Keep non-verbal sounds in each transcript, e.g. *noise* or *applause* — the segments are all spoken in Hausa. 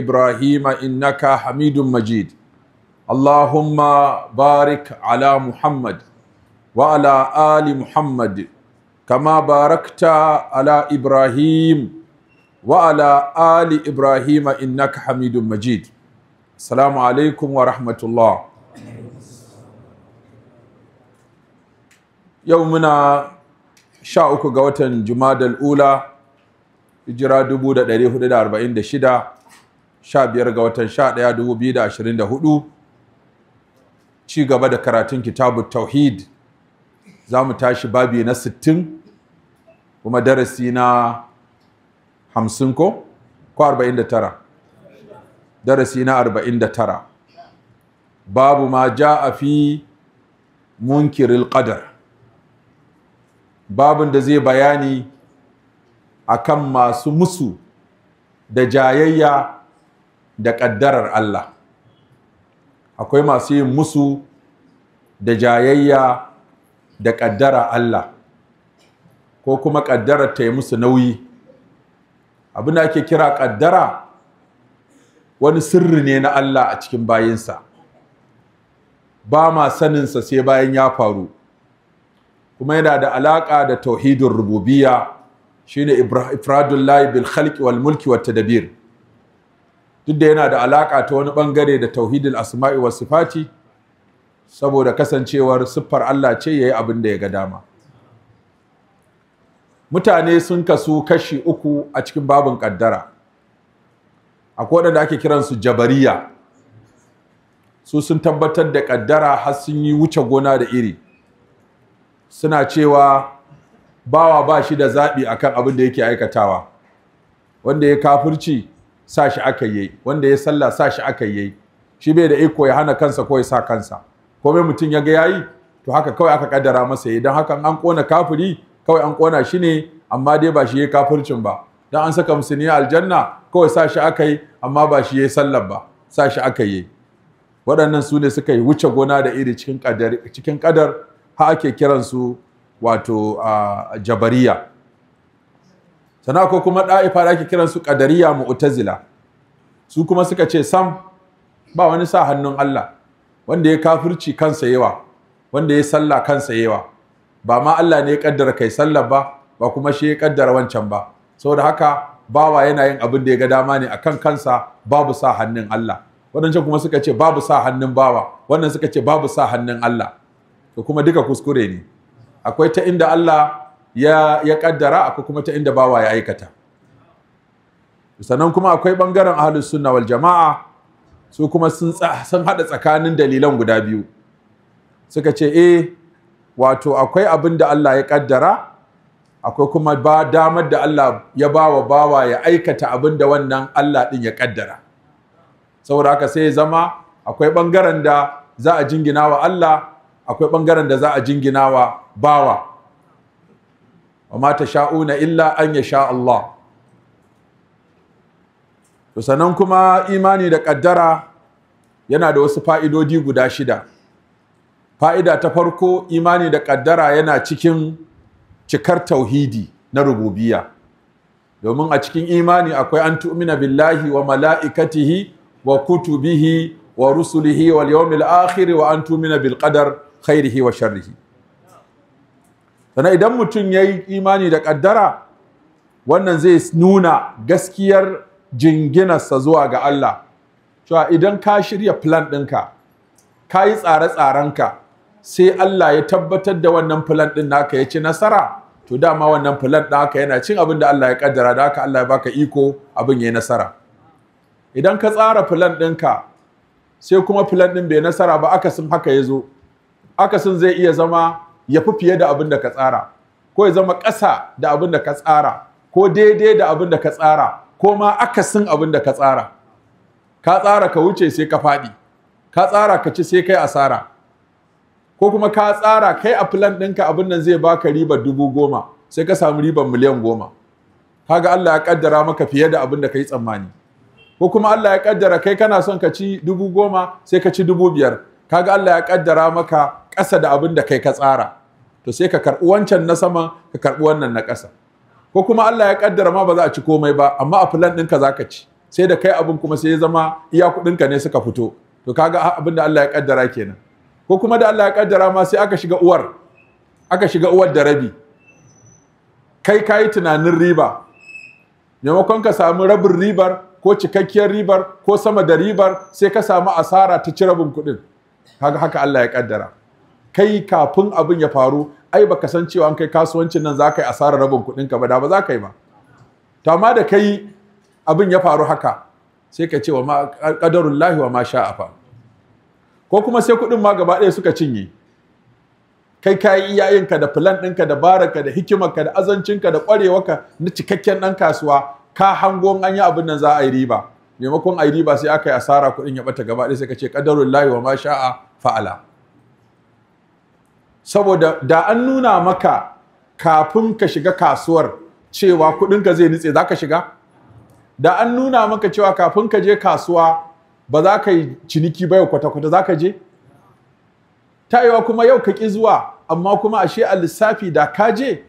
إبراهيم إنك حميد مجيد اللهم بارك على محمد وعلى آل محمد كما باركت على إبراهيم وعلى آل إبراهيم إنك حميد مجيد السلام عليكم ورحمة الله يومنا شاء uku ga watan Jumadal Ula hijira 1446 15 ga watan 11 2024 ci gaba da karatun kitabu tauhid za mu tashi babi na 60 kuma darasi na 50 ko ko 49 darasi na 49 babu ma ja a fi munkiril qadar babin da zai bayani akan masu musu da jayayya da ƙaddarar Allah akwai masu yin musu da jayayya da ƙaddara Allah ko kuma ƙaddarar ta yi musu nauyi abin da ake kira ƙaddara wani sirri ne na Allah a cikin bayinsa ba ma saninsa sai bayan ya faru kuma yana da alaƙa da tauhidin rububiya shine ifradullahi bil khalqi wal mulki wat duk da yana da alaƙa ta wani ɓangare da tauhidul asma'i wa sifati saboda kasancewar siffar Allah ce yayi abin da ya ga dama mutane sun kasu kashi uku a cikin babin ƙaddara akwai waɗanda ake kiransu jabariya su sun tabbatar da ƙaddara har sun yi wuce gona da iri suna cewa bawa ba shi da zaɓi akan abin da yake aikatawa wanda ya kafirci sa shi aka yi wanda ya sallah sashi shi aka yi shi bai da iko ya hana kansa ko ya sa kansa komai mutum ya ga yayi to haka kawai aka kaddara masa yi don haka an kona kafiri kawai an kona shi ne amma dai ba shi ya kafircin ba dan an saka musulmi aljanna kawai sashi shi aka yi amma ba shi ya sallar ba Sashi shi aka yi waɗannan su ne suka yi wuce gona da iri cikin kadar cikin kadar ha ake kiransu wato ah, jabariya sana ko kuma ɗa'ifa da ake kiransu ƙadariya mu'tazila su kuma suka ce sam ba wani sa hannun Allah wanda ya kafirci kansa yawa wanda ya sallah kansa yawa ba ma Allah ne ya kaddara kai sallar ba ba kuma shi ya kaddara wancan ba saboda haka bawa yana yin abin da ya ga dama ne akan kansa babu sa hannun Allah waɗancan kuma suka ce babu sa hannun bawa wannan suka ce babu sa hannun Allah to kuma duka kuskure ne akwai ta inda Allah ya ya kaddara akwai kuma ta inda bawa ya aikata sannan kuma akwai bangaren ahlus sunna wal jama'a su kuma sun sun hada tsakanin dalilan guda biyu suka ce eh wato akwai abin da Allah ya kaddara akwai kuma ba damar da Allah ya bawa bawa ya aikata abin da wannan Allah din ya kaddara saboda haka sai zama akwai bangaren da za a jingina wa Allah akwai bangaren da za a jingina wa bawa wa ma tasha'una illa an yasha Allah to sannan kuma imani da ƙaddara yana da wasu fa'idodi guda shida fa'ida ta farko imani da ƙaddara yana cikin cikar tauhidi na rububiya domin a cikin imani akwai an tu'mina billahi wa mala'ikatihi wa kutubihi wa rusulihi wa yawmil akhir wa an tu'mina bil qadar khairihi wa sharrihi sannan idan mutum ya yi imani da ƙaddara wannan zai nuna gaskiyar jinginarsa zuwa ga Allah cewa idan ka shirya plan ɗinka ka yi tsare-tsarenka sai Allah ya tabbatar da wannan plan ɗin naka ya ci nasara to dama wannan plan naka yana cin abin da Allah ya ƙaddara da haka Allah ya baka iko abin ya yi nasara idan ka tsara plan ɗinka sai kuma plan ɗin bai nasara ba akasin haka ya zo akasin zai iya zama ya fi fiye da abin da ka tsara ko ya zama ƙasa da abin da ka tsara ko daidai da abin da ka tsara ko ma akasin abin da ka tsara ka tsara ka wuce sai ka faɗi ka tsara ka ci sai kai asara ko kuma ka tsara kai a filan ɗinka abin nan zai baka riba dubu goma sai ka samu ribar miliyan goma kaga Allah ya kaddara maka fiye da abin da ka yi tsammani ko kuma Allah ya kaddara kai kana son ka ci dubu goma sai ka ci dubu biyar kaga Allah ya kaddara maka ƙasa da abin da kai ka tsara to sai ka karɓi wancan na sama ka karɓi wannan na ƙasa ko kuma Allah ya kaddara ma ba za a ci komai ba amma a filan ɗinka za ka ci sai da kai abin kuma sai ya zama iya kuɗinka ne suka fito to kaga abin da Allah ya kaddara kenan ko kuma da Allah ya kaddara ma sai aka shiga uwar aka shiga uwar da rabi kai ka yi tunanin riba maimakon ka samu rabin ribar ko cikakkiyar ribar ko sama da ribar sai ka samu asara ta ci rabin kuɗin haka Allah ya kaddara kai kafin abin ya faru ai baka san cewa an kai kasuwancin nan za ka yi asarar rabin kuɗin ka ba da ba za ka yi ba to amma da kai abin ya faru haka sai ka ce wa ma lahi wa ma ko kuma sai kuɗin ma gaba ɗaya suka cinye kai ka yi iyayenka da filan ɗinka da baraka da ka da azancinka da ka na cikakken ɗan kasuwa ka hango an yi abin nan za a yi riba maimakon a yi riba sai aka yi asara kuɗin ya ɓata gaba ɗaya sai ka ce ƙadarun lahi wa ma sha'a fa'ala saboda da an nuna maka kafin ka shiga kasuwar cewa kuɗinka zai nutse za ka shiga da an nuna maka cewa kafin ka je kasuwa ba za ka yi ciniki ba kwata-kwata za ka je wa kuma yau ka ƙi zuwa amma kuma ashe a lissafi da ka je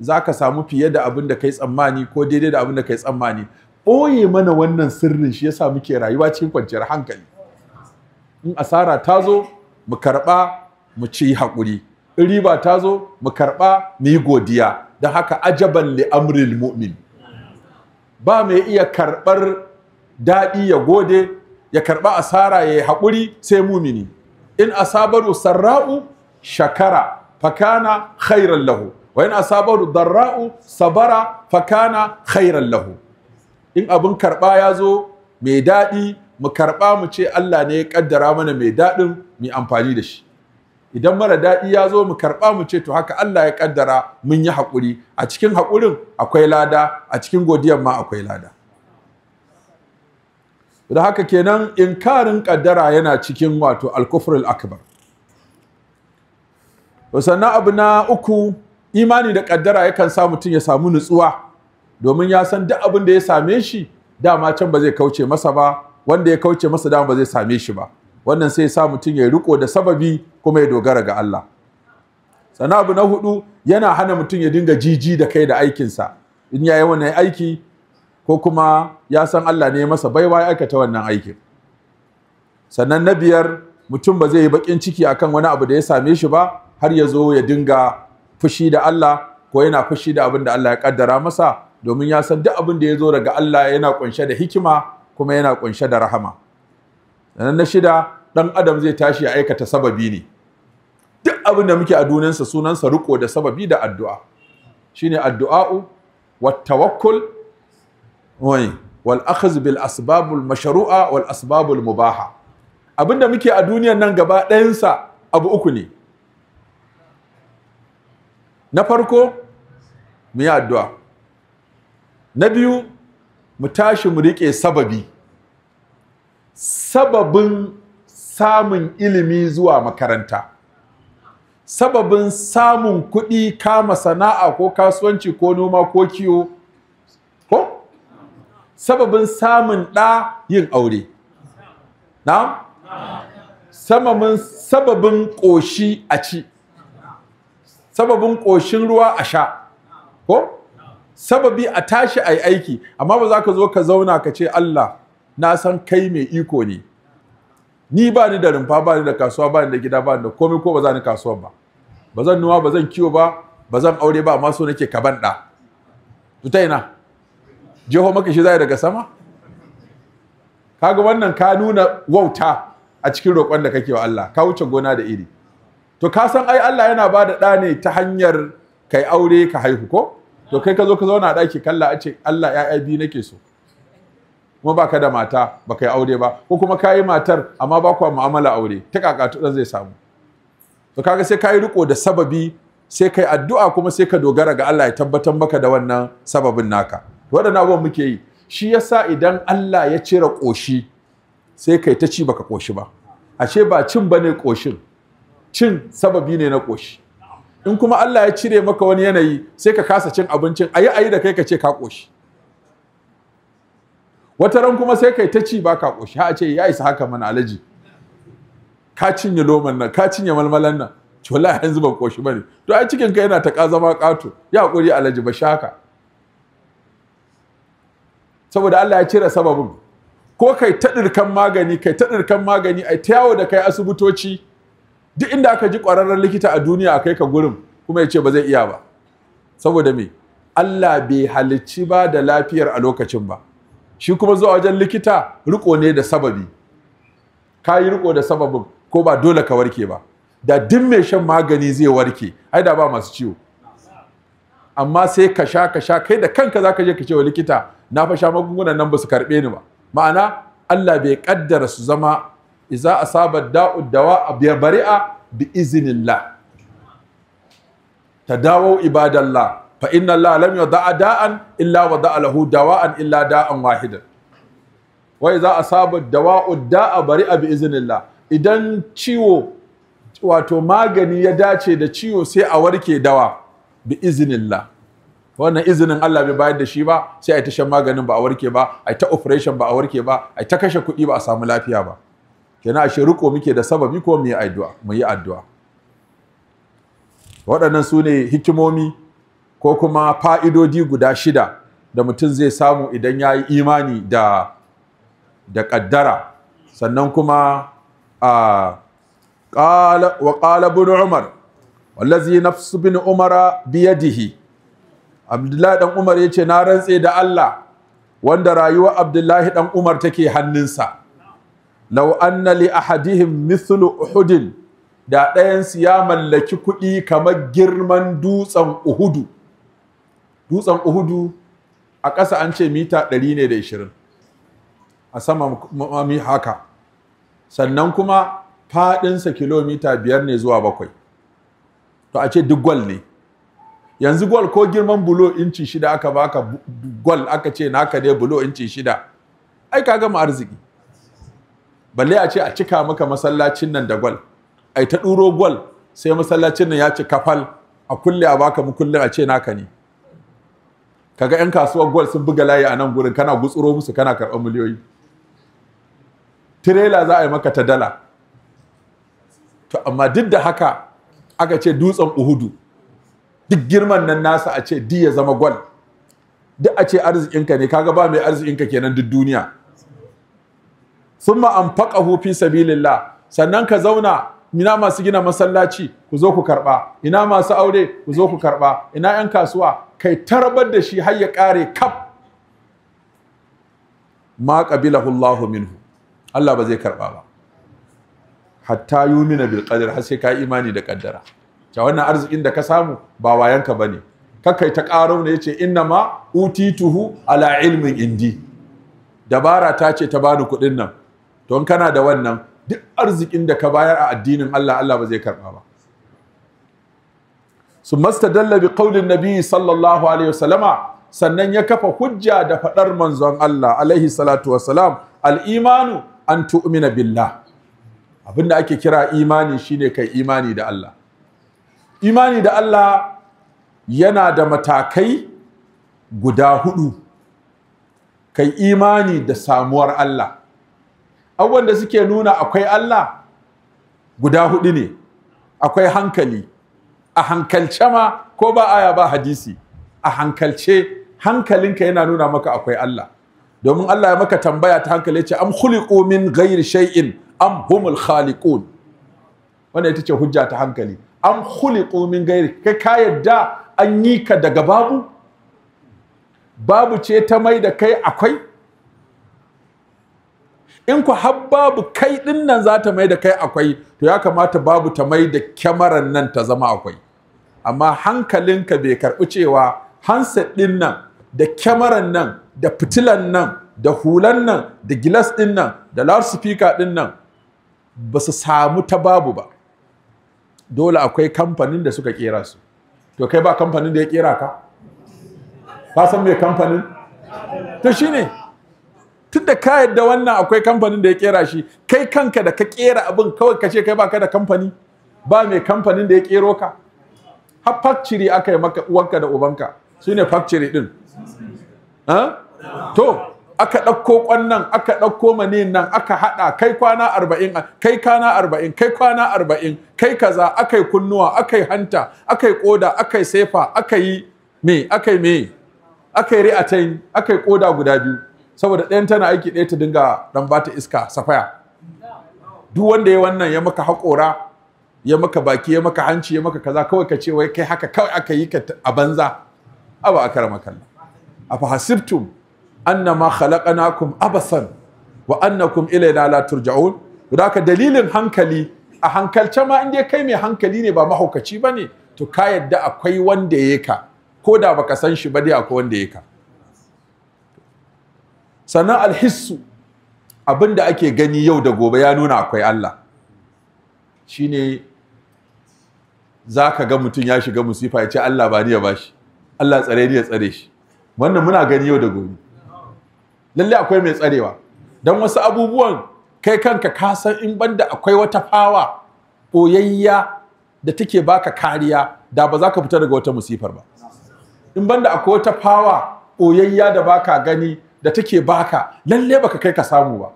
za ka samu fiye da abin da ka yi tsammani ko daidai da abin da ka yi tsammani ɓoye mana wannan sirrin shi yasa muke rayuwa cikin kwanciyar hankali in asara ta zo mu karɓa mu ci haƙuri in riba ta zo mu karɓa mu yi godiya don haka ajaban amril mu'min ba mai iya karɓar daɗi ya gode ya karɓa asara ya yi haƙuri sai mumini in asabaru sarra'u shakara fakana khairan lahu wa in asabaru darra'u sabara fakana khairan lahu in abin karɓa ya zo mai daɗi mu karɓa mu ce Allah ne ya ƙaddara mana mai daɗin mu amfani da shi idan mara daɗi ya zo mu karɓa mu ce to haka Allah ya ƙaddara mun yi haƙuri a cikin haƙurin akwai lada a cikin godiyar ma akwai lada da haka kenan inkarin ƙaddara yana cikin wato alkufrul akbar sannan abu na uku imani da ƙaddara yakan sa mutum ya samu nutsuwa domin ya san duk abin da ya same shi dama can ba zai kauce masa ba wanda ya kauce masa dama ba zai same shi ba wannan sai sa mutum ya riko da sababi kuma ya dogara ga Allah Sana abu na hudu yana hana mutum ya dinga jiji da kai da aikinsa in ya yi wannan aiki ko kuma ya san Allah ne masa baiwa ya aikata wannan aikin sannan na biyar mutum ba zai yi bakin ciki akan wani abu da ya same shi ba har ya zo ya dinga fushi da Allah ko yana fushi da abin da Allah ya kaddara masa domin ya san duk abin da ya zo daga Allah yana kunshe da hikima kuma yana kunshe da rahama na na shida ɗan adam zai tashi ya aikata sababi ne duk abin da muke a sunan sunansa riko da sababi da addu'a shine addu'a'u wat tawakkul wai wal akhz bil asbabul mashru'a wal asbabul mubaha abin muke a duniyar nan gaba ɗayansa abu uku ne na farko mu yi addu'a na biyu mu tashi mu riƙe sababi sababin samun ilimi zuwa makaranta sababin samun kuɗi kama sana'a ko kasuwanci ko noma ko kiwo ko sababin samun ɗa yin aure na sababin ƙoshi a ci sababin ƙoshin ruwa a sha ko sababi a tashi a yi aiki amma ba za ka zo ka zauna ka ce allah na san kai mai iko ne ni ba ni da rumfa ba ni da kasuwa ba ni da gida ba ni da komai ko ba za ni kasuwa ba ba zan nuwa ba zan kiwo ba ba zan aure ba amma so nake ka banɗa. ɗa ta ina jeho maka shi zai daga sama kaga wannan ka nuna wauta a cikin roƙon da kake wa Allah ka wuce gona da iri to ka san ai Allah yana ba da ɗa ne ta hanyar kai aure ka haihu ko to kai ka zo ka zauna a ɗaki kalla a ce Allah ya'ya biyu nake so kuma baka da mata baka yi aure ba ko kuma kayi matar amma ba kwa mu'amala aure ta kakatu dan zai samu to kaga sai ka yi riko da sababi sai yi addu'a kuma sai ka dogara ga Allah ya tabbatar maka da wannan sababin naka waɗannan abubuwan muke yi shi yasa idan Allah ya cire koshi sai kai ta ci baka koshi ba ashe ba cin bane ƙoshin cin sababi ne na ƙoshi in kuma Allah ya cire maka wani yanayi sai ka kasa cin abincin ayi ayi da kai ka ce ka koshi wata ran kuma sai kai ta ci ba ka ƙoshi a ce ya isa haka mana alaji ka cinye loman nan ka cinye malmalan nan to wallahi yanzu ban ƙoshi bane to ai cikin ka yana ta ƙazama ƙato ya ƙuri alaji ba shaka saboda Allah ya cire sababin ko kai ta ɗirkan magani kai ta ɗirkan magani ai ta yawo da kai asibitoci duk inda aka ji ƙwararren likita a duniya a kai ka gurin kuma ya ce ba zai iya ba saboda me Allah bai halicci ba da lafiyar a lokacin ba shi kuma zuwa wajen likita riko ne da sababi ka yi riko da sababin ko ba dole ka warke ba da duk mai shan magani zai warke ai da ba masu ciwo amma sai ka sha ka sha kai da kanka zaka je ka ce wa likita na fa sha magungunan nan ba su karbe ni ba ma'ana Allah bai kaddara su zama iza asaba da'u dawa bari'a bi iznillah dawo ibadallah fa inna Allah lam yada'a da'an illa wa da'a lahu dawa'an illa da'an wahidan wa idza asaba dawa'u da'a bari'a bi iznillah idan ciwo wato magani ya dace da ciwo sai a warke dawa bi iznillah wannan izinin Allah bai bayar da shi ba sai a ta shan maganin ba a warke ba a ta operation ba a warke ba a ta kashe kuɗi ba a samu lafiya ba kenan a shiruko muke da sababi ko mu yi addu'a mu yi addu'a waɗannan su ne hikimomi ko kuma fa'idodi guda shida da mutum zai samu idan ya yi imani da da ƙaddara sannan kuma a Waƙala bin umar wallazi nafsu bin umara biyadihi abdullahi dan umar ya ce na rantse da allah wanda rayuwa abdullahi ɗan umar take hannunsa lau anna li ahadihim mithlu uhudin da ɗayansu ya mallaki kuɗi kamar girman dutsen uhudu dutsen uhudu a ƙasa an ce mita 100 ne da 20 a sama mamami haka sannan kuma faɗinsa kilomita biyar ne zuwa bakwai to a ce duk gwal ne yanzu gwal ko girman bulo inci shida aka baka gwal aka ce naka ne bulo inci shida ai ka gama arziki balle a ce a cika maka masallacin nan da gwal ai ta ɗuro gwal sai masallacin nan ya ci kafal a kulle a baka mukullin a ce naka ne kaga 'yan kasuwar gold sun buga layi a nan gurin kana gutsuro musu kana karɓar miliyoyi tirela za a yi maka ta dala to amma duk da haka aka ce dutsen uhudu duk girman nan nasa a ce di ya zama gwal duk a ce arzikinka ne kaga ba mai arzikinka kenan duk duniya sun ma an faƙa hufi sabilillah sannan ka zauna ina masu gina masallaci ku zo ku karɓa ina masu aure ku zo ku karɓa ina 'yan kasuwa kai tarbar da shi har ya kare kaf ma qabilahu Allah minhu Allah ba zai karɓa ba hatta yumina bil qadar har sai ka imani da kaddara ta wannan arzikin da ka samu ba wayanka bane kakai ta karo ne yace inna ma utituhu ala ilmin indi dabara ta ce ta bani kuɗin nan don kana da wannan duk arzikin da ka bayar a addinin Allah Allah ba zai karba ba su mastadalla bi qaulin nabi sallallahu alaihi wasallama sannan ya kafa hujja da fadar manzon Allah alaihi salatu wasalam al-imanu an tu'mina billah abinda ake kira imani shine kai imani da Allah imani da Allah yana da matakai guda hudu kai imani da samuwar Allah abubuwan da suke nuna akwai Allah guda hudu ne akwai hankali a hankalce ma ko ba aya ba hadisi a hankalce hankalinka yana nuna maka akwai Allah domin Allah ya maka tambaya ta hankali ce am khuliqu min ghairi shay'in am humul khaliqun wannan ita ce hujja ta hankali am khuliqu min ghairi kai ka yadda an yi ka daga babu babu ce ta mai da kai akwai in ku har babu kai din nan za ta mai da kai akwai to ya kamata babu ta mai da kyamarar nan ta zama akwai amma hankalinka bai karɓi cewa hanset din nan da kyamarar nan da fitilan nan da hulan nan da gilas din nan da loudspeaker din nan ba su samu ta babu ba dole akwai kamfanin da suka kera su to kai ba kamfanin da ya kera ka ka san me kamfanin to shine tun da ka yadda wannan akwai kamfanin da ya kera shi kai kanka da ka kera abin kawai ka ce kai baka da kamfani ba mai kamfanin da ya kero ka har factory aka yi maka uwanka da ubanka su ne factory din to aka ɗauko ƙwannan aka ɗauko mani nan aka haɗa kai kwana arba'in kai kwana arba'in kai kwana arba'in kai kaza aka yi kunnuwa aka yi hanta aka yi ƙoda aka yi sefa aka yi me aka yi me aka yi ri'atain aka yi ƙoda guda biyu saboda ɗayan tana aiki ɗaya ta dinga ɗan bata iska safaya duk wanda ya wannan ya maka haƙora ya maka baki ya maka hanci ya maka kaza kawai ka ce wai kai haka kawai aka yi ka a banza aba akara A fa hasibtum annama khalaqnakum abasan wa annakum ilayna la turja'un haka dalilin hankali a hankalce ma inda kai mai hankali ne ba mahaukaci bane to ka yadda akwai wanda ya ka ko da baka san shi ba dai akwai wanda ya ka sannan alhissu Abinda ake gani yau da gobe ya nuna akwai Allah shine za ka ga mutum ya shiga musifa ya ce Allah ba ni ya bashi Allah tsare ni ya tsare shi wannan muna gani yau da gobe lalle akwai mai tsarewa don wasu abubuwan kai kanka ka san in banda akwai wata fawa oyayya da take baka kariya da ba za ka fita daga wata musifar ba in banda akwai wata fawa oyayya da baka gani da take baka lalle baka kai ka samu ba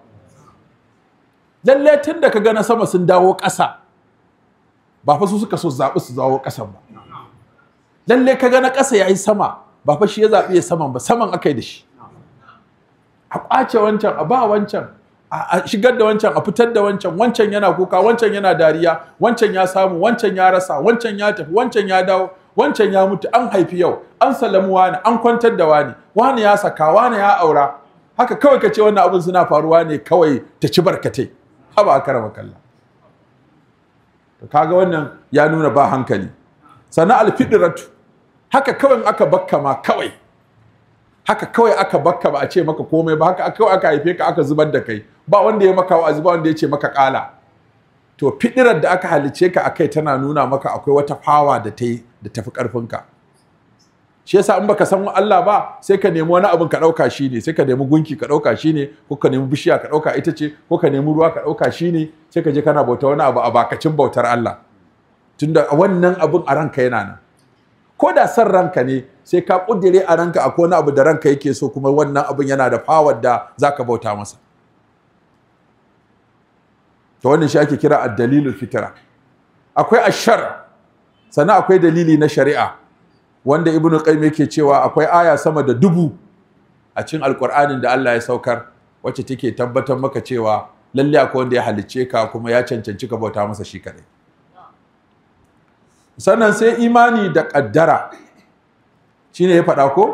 lalle tun da ka ga na sama sun dawo ƙasa ba fa su suka so zaɓi su zawo ƙasan ba lalle ka ga na ƙasa yayi sama ba fa shi ya zaɓi ya saman ba saman aka yi da shi a ƙwace wancan a ba wancan a shigar da wancan a fitar da wancan wancan yana kuka wancan yana dariya wancan ya samu wancan ya rasa wancan ya tafi wancan ya dawo wancan ya mutu an haifi yau an salamu wani an kwantar da wani wani ya saka wani ya aura haka kawai ka ce wannan abin suna faruwa ne kawai ta ci barkatai haba a karama kalla to kaga wannan ya nuna ba hankali sana alfidiratu haka kawai aka bakka ma kawai haka kawai aka bakka ba a ce maka komai ba haka kawai aka haife ka aka zubar da kai ba wanda ya maka wa'azi ba wanda ya ce maka kala to fidirar da aka halice ka a kai tana nuna maka akwai wata fawa da ta da tafi karfinka shi yasa in baka san Allah ba sai ka nemi wani abin ka dauka ne, sai ka nemi gunki ka dauka ne, ko ka nemi bishiya ka dauka ita ce ko ka nemi ruwa ka dauka ne, sai ka je kana bauta wani abu a bakacin bautar Allah tunda wannan abin a ranka yana nan ko da san ranka ne sai ka kudire a ranka akwai wani abu da ranka yake so kuma wannan abin yana da fawar da zaka bauta masa Ta wani shi ake kira a dalilin fitara? akwai ashar sannan akwai dalili na shari'a wanda ibn qayyim yake cewa akwai aya sama da dubu a cikin alqur'anin da Allah ya saukar wacce take tabbatar maka cewa lalle akwai wanda ya halicce ka kuma ya cancanci ka bauta masa shi kadai sannan sai imani da kaddara shine ya faɗa ko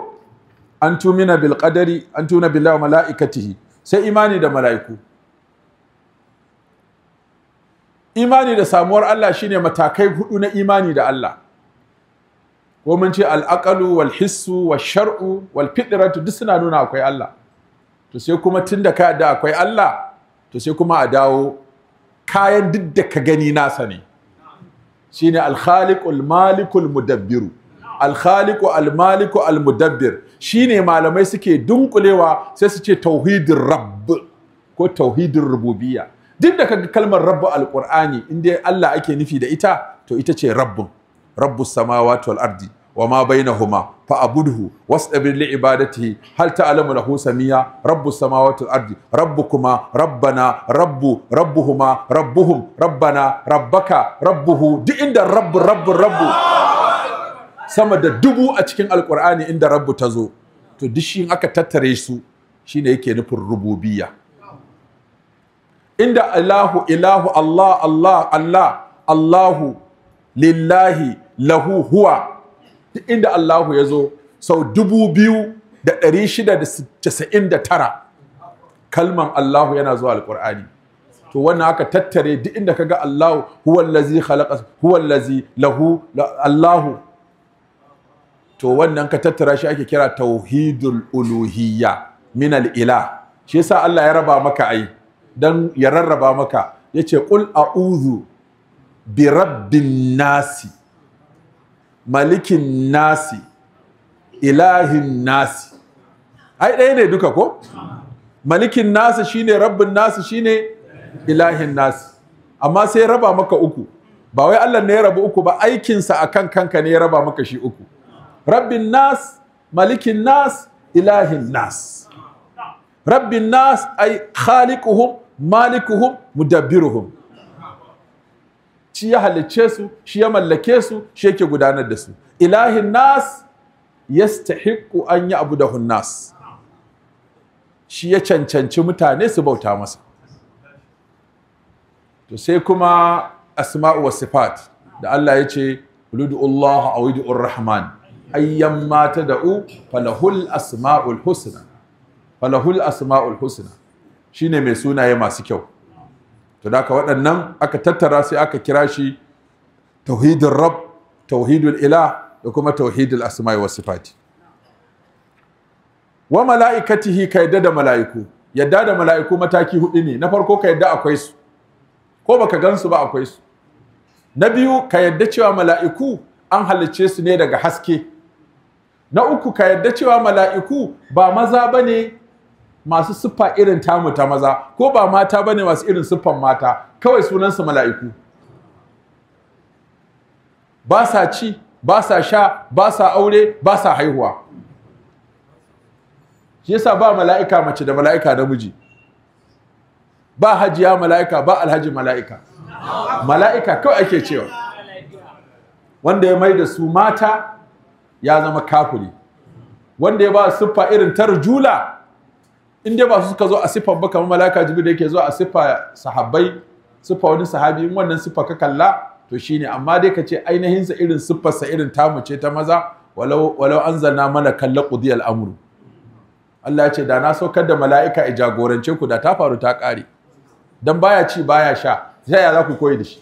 an tumina bil qadari an billahi wa malaikatihi sai imani da mala'iku imani da samuwar Allah shine matakai hudu na imani da Allah ko mun ce al'aqalu wal hissu wal shar'u wal fitratu duk suna nuna akwai Allah to sai kuma tunda ka da akwai Allah to sai kuma a dawo kayan duk da ka gani nasa ne shine al khaliqul malikul mudabbiru al khaliqu al maliku al shine malamai suke dunkulewa sai su ce tauhidir rabb ko tauhidir rububiyya duk da kaga kalmar rabbu alqur'ani in dai Allah ake nufi da ita to ita ce rabbun rabbus samawati wal ardi wa ma huma fa abudhu wastabir li ibadatihi hal ta'lamu lahu samia rabbus samawati wal ardi rabbukuma rabbana rabbu rabbuhuma rabbuhum rabbana rabbaka rabbuhu duk inda rabbu rabbu rabbu sama da dubu a cikin alqur'ani inda rabbu zo, to duk shi aka tattare su shine yake nufin rububiyya inda ilahu ilahu Allah Allah Allah Allahu lillahi lahu huwa inda Allahu ya zo sau dubu biyu da ɗari shida da casa'in da tara kalman Allahu yana zuwa alƙur'ani to wannan aka tattare duk inda kaga Allahu huwa lazi, khalaqa huwa lazi, lahu Allahu to wannan ka tattara shi ake kira tauhidul uluhiyya min al-ilah shi yasa Allah ya raba maka ai don ya rarraba maka ya ce ƙul uzu bi rabbin nasi malikin nasi ilahin nasi ai ɗaya ne duka ko malikin nasi shine rabbin nasi shine ilahin nasi amma sai ya raba maka uku ba wai Allah ne ya rabu uku ba aikinsa a kan kanka ne ya raba maka shi uku rabbin nas malikin nas ilahin nas rabbin nas ai khaliquhum malikuhum mudabbiruhum shi ya halicce su shi ya mallake su shi yake gudanar da su ilahin nas yastahiqqu an ya'budahu nas shi ya cancanci mutane su bauta masa to sai kuma asma'u wa sifat da Allah ya ce uludullah aw ud'ur rahman ayyamma tad'u falahul asma'ul husna falahul asma'ul husna shine mai sunaye masu kyau to da waɗannan aka tattara sai aka kira shi tauhidin rab tauhidul ila da kuma tauhidul asma'i wasu sifati wa mala'ikatihi ka yadda da mala'iku yadda da mala'iku mataki hudu ne na farko ka yadda akwai su ko baka gan su ba akwai su na biyu ka yadda cewa mala'iku an halicce su ne daga haske na uku ka yadda cewa mala'iku ba maza bane masu siffa irin tamu ta maza ko ba mata bane masu irin siffan mata kawai sunansu mala'iku ba sa ci ba sa sha ba sa aure ba sa haihuwa shi yasa ba mala'ika mace da mala'ika namiji ba hajiya mala'ika ba alhaji mala'ika mala'ika kawai ake cewa wanda ya mai da su mata ya zama kafiri wanda ya ba siffa irin tarjula in dai ba su suka zo a siffar ba kamar malaka jibril yake zo a siffa sahabbai siffa wani sahabi in wannan siffa ka kalla to shi ne amma dai ka ce ainihin sa irin siffar sa irin tamu ce ta maza walau an zana mana kalla qudiyal amru Allah ya ce da na saukar da mala'ika a jagorance ku da ta faru ta kare don baya ci baya sha sai yaya za ku koyi da shi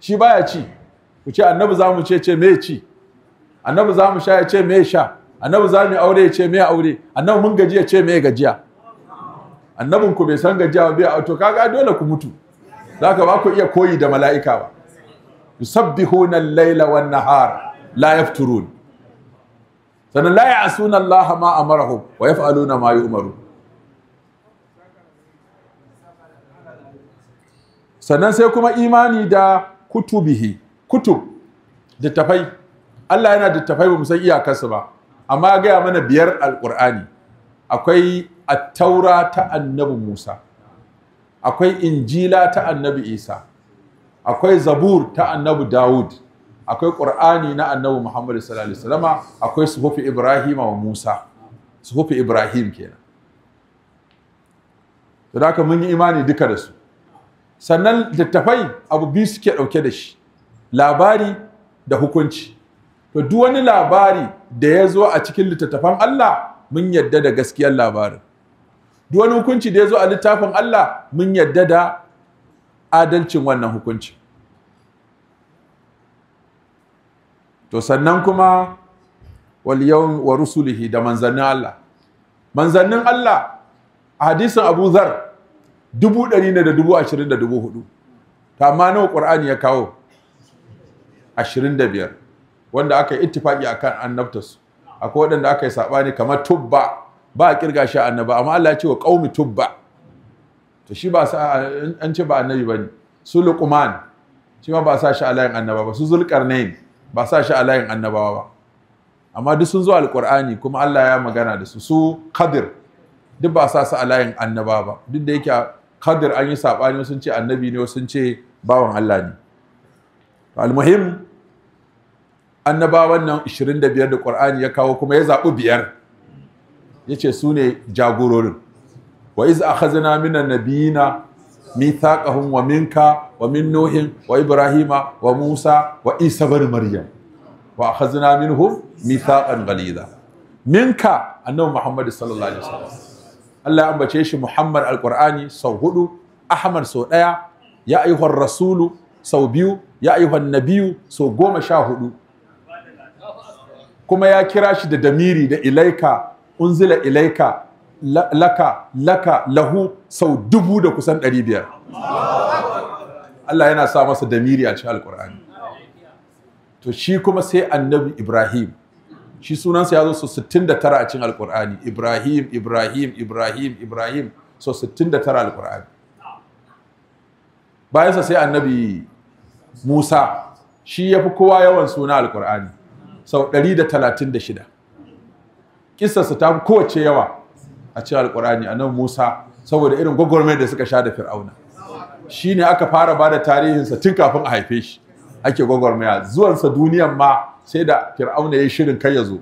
shi baya ci ku ce annabi za mu ce ce me ci annabi za mu sha ya ce me sha annabi za mu aure ya ce me aure annabi mun gaji ya ce me gajiya annabin ku bai san gajiya ba to kaga dole ku mutu zaka ba ku iya koyi da mala'ika ba yusabbihuna al-laila wan nahar la yafturun sanan la ya'suna Allah ma amarahum wa yaf'aluna ma yu'maru sannan sai kuma imani da kutubihi kutub tafai Allah yana tafai ba mu san iyakarsu ba amma gaya mana biyar alƙur'ani akwai attaura ta annabi musa akwai injila ta annabi isa akwai zabur ta annabi dawud akwai ƙur'ani na annabi muhammadu sallallahu alaihi akwai suhufi ibrahim wa musa suhufi ibrahim kenan da haka mun yi imani duka da su sannan littattafai abu biyu suke ɗauke da shi labari da hukunci to duk wani labari da ya zo a cikin littattafan Allah mun yadda da gaskiyar labarin duk wani hukunci da ya zo a littafin Allah mun yadda da adalcin wannan hukunci to sannan kuma wal yawm wa rusulihi da manzannin Allah manzannin Allah a hadisin Abu Zar dubu ne da dubu ashirin da dubu hudu ta amma nawa ƙur'ani ya kawo ashirin da biyar wanda aka yi ittifaki akan annabtasu akwai waɗanda aka yi saɓani kamar tubba ba a kirga shi annaba amma Allah ya ce wa ƙaumi tubba to shi ba sa an ce ba annabi bane su luqman shi ma ba sa shi layin annaba ba su zulqarnain ba sa shi layin annabawa ba amma duk sun zo alqur'ani kuma Allah ya magana da su su qadir duk ba sa su layin annaba ba duk da yake qadir an yi saɓani sun ce annabi ne sun ce bawan Allah ne almuhim annabawan nan 25 da Qur'ani ya kawo kuma ya zaɓi biyar yace su ne jagororin wa iz akhazna minan nabiyina mithaqahum wa minka wa min nuhin wa ibrahima wa musa wa isa bar maryam wa akhazna minhum mithaqan ghalidha minka annabi muhammad sallallahu alaihi wasallam Allah ya ambace shi muhammad alqur'ani sau hudu ahmad sau daya ya ayyuhar rasulu sau biyu ya ayyuhan nabiyu sau goma sha hudu kuma ya kira shi da damiri da ilaika unzila ilaika laka laka lahu sau dubu da kusan ɗari biyar Allah yana sa masa damiri a cikin alkur'ani to shi kuma sai annabi ibrahim shi sunansa ya zo su 69 a cikin alkur'ani ibrahim ibrahim ibrahim ibrahim so 69 alkur'ani bayansa sai annabi musa shi ya fi kowa yawan suna alkur'ani sau 136 Kisarsa ta kowace yawa a cikin alkur'ani a nan musa saboda irin gwagwarmayar da suka sha da fir'auna shi ne aka fara ba da tarihinsa tun kafin a haife shi ake gwagwarmaya zuwansa duniyan ma sai da fir'auna ya shirin kai ya zo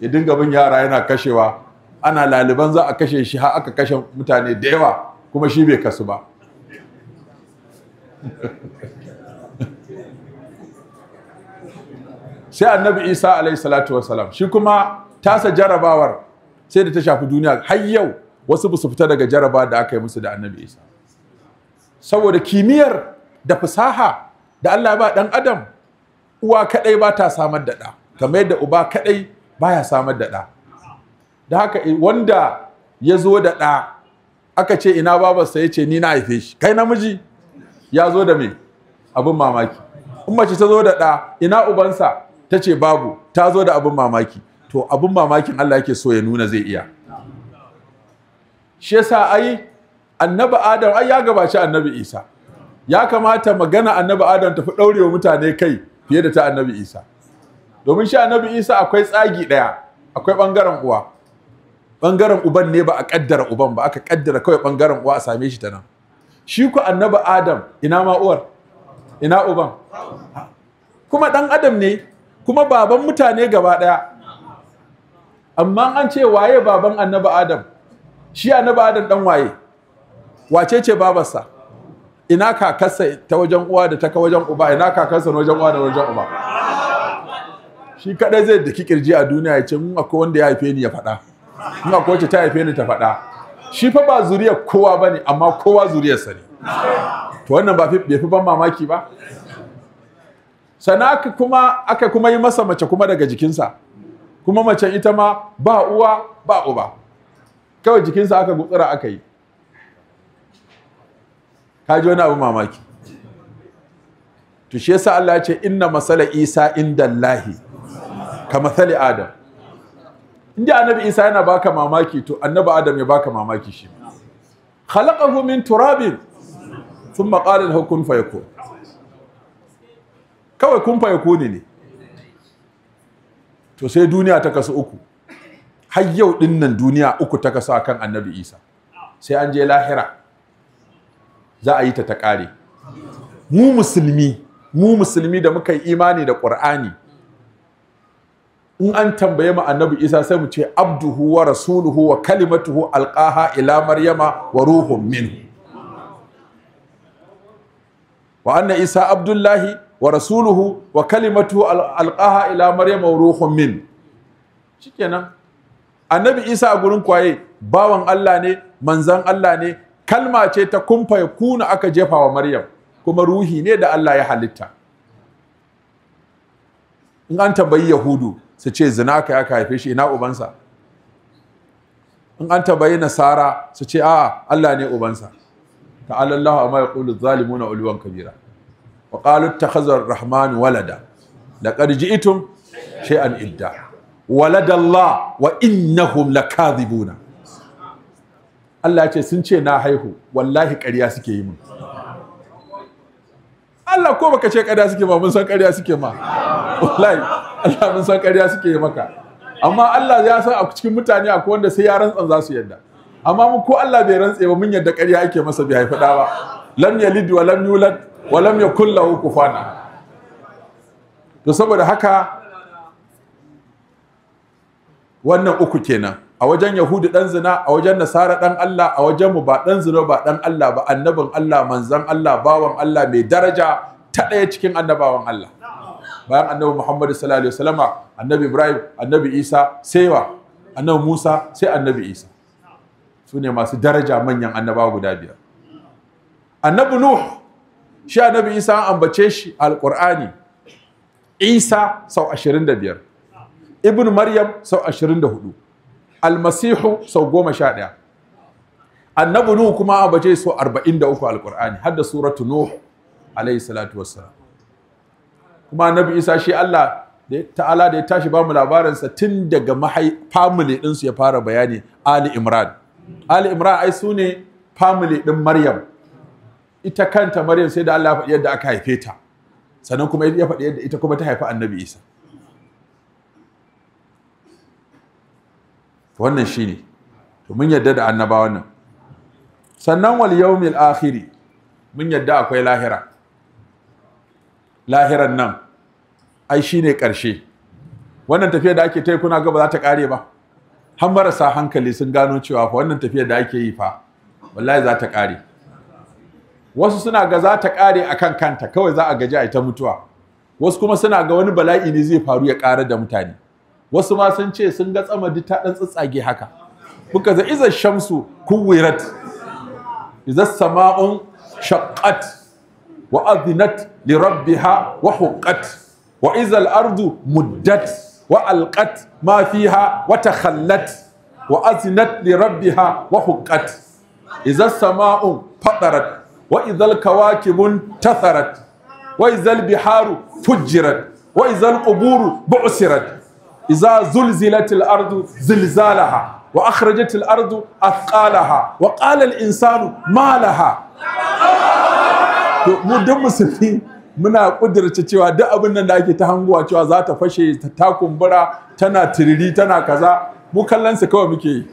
ya dinga bin yara yana kashewa ana laliban za a kashe shi har aka kashe mutane da yawa kuma shi bai kasu ba *laughs* sai annabi isa alaihi salatu wasalam shi kuma tasa jarabawar sai da ta shafi duniya har yau wasu ba fita daga jaraba da aka yi musu da annabi isa saboda kimiyyar da fasaha da allah ba dan adam uwa kadai ba ta samar da ɗa kamar yadda uba kadai ya samar da ɗa da haka wanda ya zo da ɗa aka ce ina babarsa ya ce ni na haife shi kai namiji ya zo da me abin mamaki in mace ta zo da ɗa ina ubansa ta ce babu ta zo da abin mamaki to abin mamakin Allah yake so ya nuna zai iya shi yasa ai annabi adam ai ya gabaci annabi isa ya kamata magana annabi adam ta tafi wa mutane kai fiye da ta annabi isa domin shi annabi isa akwai tsagi ɗaya akwai ɓangaren uwa ɓangaren uban ne ba a ƙaddara uban ba aka ƙaddara kawai ɓangaren uwa a same shi ta nan shi ku annabi adam ina ma uwar ina uban kuma ɗan adam ne kuma baban mutane gaba ɗaya amma an ce waye baban annabi adam shi annabi adam dan waye wace ce babarsa ina kakarsa ta wajen uwa da ta wajen uba ina kakarsa na wajen uwa da wajen uba shi kadai zai daki kirji a duniya ya ce mun akwai wanda ya haife ni ya faɗa mun akwai wacce ta haife ni ta faɗa shi fa ba zuriyar kowa bane amma kowa zuriyarsa ne to wannan ba bai fi ban mamaki ba sana kuma aka kuma yi masa mace kuma daga jikinsa kuma macen ita ma ba uwa ba uba kawai jikinsa aka gutsura aka yi kaji wani abu mamaki to shi yasa Allah ya ce inna masala isa inda lahi, ka masali adam inda annabi isa yana baka mamaki to annabi adam ya baka mamaki shi khalaqahu min turabin thumma qala lahu kun fayakun kawai kun faye kone ne to sai duniya ta kasu uku har yau din nan duniya uku ta kasu akan annabi isa sai an je lahira za a yi ta ta kare mu musulmi mu musulmi da muka yi imani da ƙur'ani in an tambaye mu annabi isa sai mu ce abduhu wa rasuluhu wa kalimatuhu alqaha ila maryama wa ruhum minhu wa anna isa abdullahi wa rasuluhu wa kalimatu alqaha ila wa ruhun min shikenan annabi isa a gurin kwaye bawan Allah ne manzan Allah ne kalma ce ta kumfa ya kuna aka jefa wa maryam kuma ruhi ne da Allah ya halitta in an tambayi yahudu su ce zina ka aka haife shi ina ubansa in an tambayi nasara su ce a'a Allah ne ubansa ta'alallahu amma yaqulu zalimuna ulwan kabira wa qalu takhazar rahman walada laqad ji'tum shay'an idda walada Allah wa innahum lakadhibuna Allah ce sun ce na haihu wallahi ƙarya suke yi mun Allah ko baka ce ƙarya suke ma mun san ƙarya suke ma Allah mun san ƙarya suke maka amma Allah ya san a cikin mutane akwai wanda sai ya rantsan za su yadda amma ko Allah bai rantse ba mun yadda ƙarya ake masa bai haifi ɗa ba lam wa lam yulad walam ya kulla fana. to saboda haka wannan uku kenan a wajen yahudu dan zina a wajen nasara dan Allah a wajen mu ba dan zina ba dan Allah ba annabin Allah manzan Allah bawan Allah mai daraja ta ɗaya cikin annabawan Allah bayan annabi Muhammadu sallallahu alaihi annabi Ibrahim annabi Isa saiwa annabi Musa sai annabi Isa su ne masu daraja manyan annabawa guda biyar annabi Nuh shi annabi isa an ambace shi Alƙur'ani. isa sau 25 ibn maryam sau 24 almasihu sau 11 annabi nuhu kuma an ambace sau 43 alqur'ani har da suratu nuhu. alayhi salatu wassalam kuma annabi isa shi Allah ta'ala da ya tashi ba mu labarinsa tun daga mahai family ɗinsu ya fara bayani ali imran ali imran ai su ne family ɗin maryam ita kanta Maryam sai da Allah ya faɗi yadda aka haife ta sannan kuma ya faɗi yadda ita kuma ta haifi Annabi Isa wannan shine to mun yadda da annabawan nan sannan wal yawmil akhiri mun yadda akwai lahira lahiran nan ai shine ƙarshe wannan tafiyar da ake ta kuna ga ba za ta ƙare ba har marasa hankali sun gano cewa fa wannan tafiyar da ake yi fa wallahi za ta ƙare wasu suna ga za ta kare a kan kanta kawai za a gaji a ta mutuwa wasu kuma suna ga wani bala'i ne zai faru ya ƙara da mutane wasu ma sun ce sun ga duk ta ɗan tsitsage haka buka za iza shamsu kuwirat iza sama'un shaqqat wa adhinat li rabbiha wa huqqat wa iza al-ardu muddat wa alqat ma fiha wa takhallat wa azinat li rabbiha wa huqqat iza sama'un fatarat wa idhal kawakibun tatharat wa biharu fujirat wa idhal quburu bu'sirat idza zulzilatil ardu zilzalaha wa akhrajatil ardu athqalaha wa qala al insanu ma laha to mu duk muna kudirce cewa duk abin da ake ta hanguwa cewa zata fashe ta kumbura tana tiriri tana kaza mu kallon kawai muke yi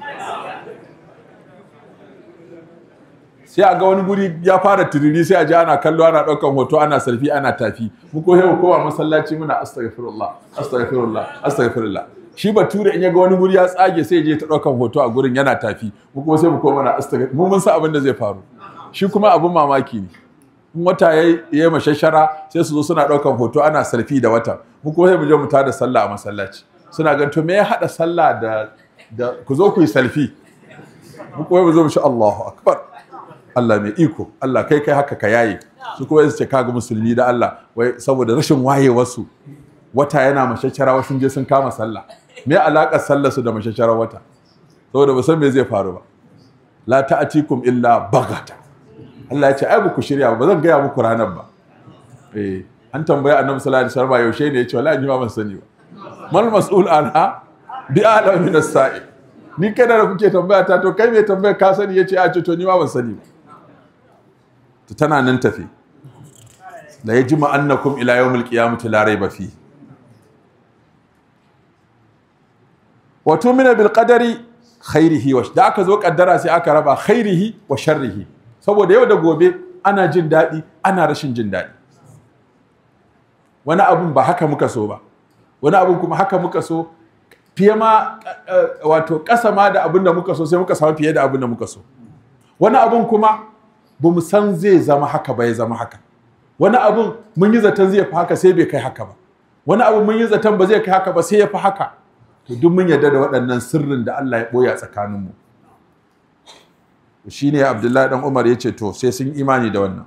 sai a ga wani guri ya fara tiriri sai a ji ana kallo ana ɗaukan hoto ana sarfi ana tafi mu ko hewa kowa masallaci muna astaghfirullah astaghfirullah astaghfirullah shi bature in ya ga wani guri ya tsage sai je ta ɗaukan hoto a gurin yana tafi mu kuma sai mu koma na astaghfirullah mu mun san abin da zai faru shi kuma abin mamaki ne in wata ya yi mashashara sai su zo suna ɗaukan hoto ana sarfi da wata mu ko sai mu je mu tada sallah a masallaci suna gan to me ya haɗa sallah da ku zo ku yi sarfi mu ko mu zo mu shi Allahu akbar Allah mai iko Allah kai kai haka ka yaye su kuma su ce kaga musulmi da Allah wai saboda rashin wayewarsu wata yana mashashara wasu je sun kama sallah me alaƙar sallar su da mashashara wata saboda ba san me zai faru ba la ta'atikum illa bagata Allah ya ce ai ku shirya ba zan gaya muku ranar ba eh an tambaya annabi sallallahu alaihi wasallam yaushe ne ya ce wallahi ni ba ban sani ba mal mas'ul anha bi a'lamu min as-sa'i ni kada da kuke tambaya ta to kai me tambaya ka sani ya ce a ce to ni ba ban sani ba to tana nan tafi la yajma annakum ila yawmil qiyamati la rayba fi wa tu'minu bil qadari khairihi wa da aka zo kaddara sai aka raba khairihi wa sharrihi saboda yau da gobe ana jin daɗi ana rashin jin daɗi wani abun ba haka muka so ba wani abun kuma haka muka so fiye ma eh, wato ƙasa ma da abin da muka so sai muka samu fiye da abin da muka so wani abun kuma ba mu san zai zama haka ba ya zama haka wani abu mun yi zaton zai fi haka sai bai kai haka ba wani abu mun yi zaton ba zai kai haka ba sai ya fi haka to duk mun yarda da waɗannan sirrin da Allah ya ɓoye a mu shi ne abdullahi Dan umar ya ce to sai sun imani da wannan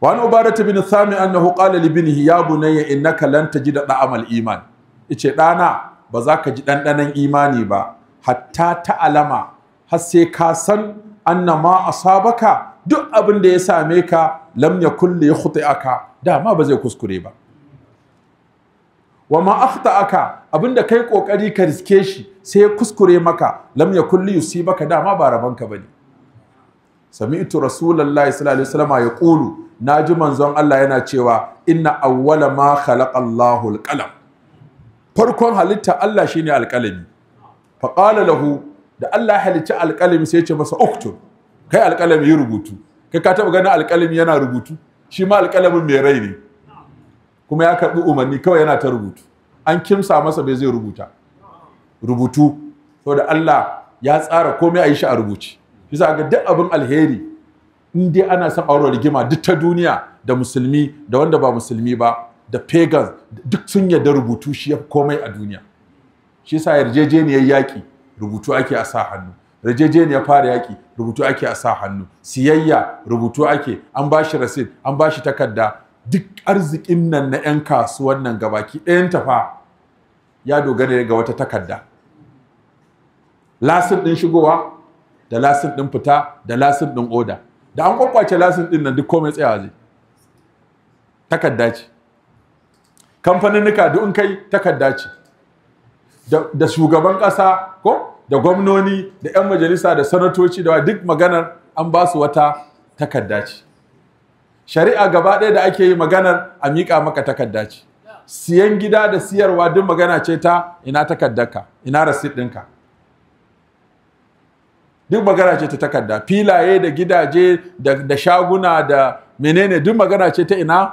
wani ubaratu bin sami annahu qala li binihi ya bunayya innaka lan tajida amal iman yace ɗana ba za ka ji ɗanɗanon imani ba hatta ta alama har sai ka san annama asabaka duk abin da ya same ka lam ya li aka, dama ba zai kuskure ba wa aka abin da kai ƙoƙari ka riske shi sai kuskure maka lam ya li yusibaka dama ba rabanka bane sami'tu rasulullahi sallallahu alaihi wasallam yaqulu naji manzon Allah yana cewa inna awwala ma khalaqa Allahu alqalam farkon halitta Allah shine alqalami fa qala lahu da Allah halicci alƙalami sai ce masa okto kai alƙalami yi rubutu kai ka taɓa ganin alƙalami yana rubutu shi ma alƙalamin mai rai ne kuma ya karɓi umarni kawai yana ta rubutu an kimsa masa bai zai rubuta rubutu saboda Allah ya tsara komai a yi shi a rubuci bisa ga duk abin alheri in dai ana son aure rigima duk ta duniya da musulmi da wanda ba musulmi ba da pagans duk sun yarda rubutu shi ya komai a duniya shi yasa yarjejeniyar yaƙi rubutu ake a sa hannu ya fara yaki. rubutu ake a sa hannu siyayya rubutu ake an ba shi rasid an ba shi takarda duk arzikin nan na 'yan kasuwan nan gabaki ɗayan tafa ya dogara ga wata takarda lasin din shigowa da lasin din fita da lasin din oda da an kwakwace lasin din nan duk komai tsaya zai takarda ce kamfanin nika duk in kai takarda ce da shugaban ƙasa ko da gwamnoni da 'yan majalisa da sanatoci da duk maganar an ba su wata takarda ce shari'a gaba ɗaya da ake yi maganar a miƙa maka takarda ce siyan gida da siyarwa duk magana ce ta ina takardarka ina rasit ɗinka duk magana ce ta takarda filaye da gidaje da shaguna da menene duk magana ce ta ina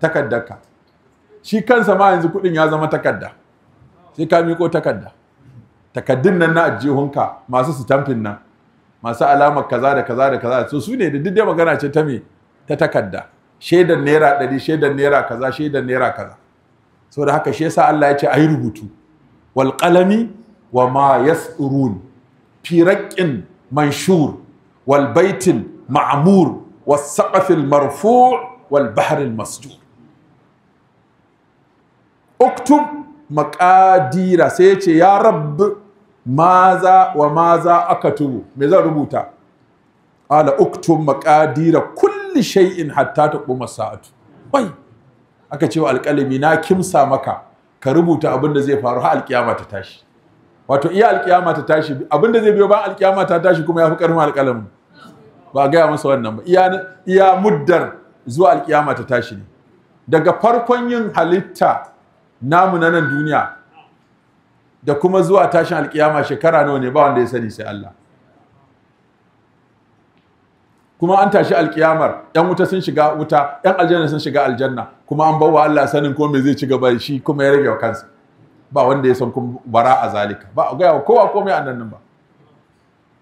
takardarka shi kansa ma yanzu kuɗin ya zama takarda sai ka miko takarda takaddun nan na ajihunka masu sitamfin nan masu alamar kaza da kaza da kaza so su ne da duk magana ce ta me ta takarda shaidan naira ɗari shaidar naira kaza shaidan naira kaza da haka shi yasa Allah ya ce ayi rubutu wal qalami wa ma yasrun fi manshur wal baitil ma'mur was saqafil marfu' wal bahril masjur uktub makadira sai ya ce ya rabu maza wa maza aka tubu me zan rubuta ala uktub makadira kulli shay'in hatta taquma sa'atu wai aka ce wa alƙalami na kimsa maka ka rubuta abin da zai faru har alƙiyama ta tashi wato iya alƙiyama ta tashi abin da zai biyo bayan alƙiyama ta tashi kuma ya fi ƙarfin alƙalamin ba a gaya masa wannan ba iya muddar zuwa alƙiyama ta tashi ne daga farkon yin halitta namu na nan duniya da kuma zuwa tashin alkiyama shekara nawa ne ba wanda ya sani sai Allah kuma an tashi alkiyamar yan wuta sun shiga wuta yan aljanna sun shiga aljanna kuma an bawa Allah sanin ko me zai ci gaba shi kuma ya rage wa kansa ba wanda ya san kun bara a zalika ba ga kowa komai annan nan ba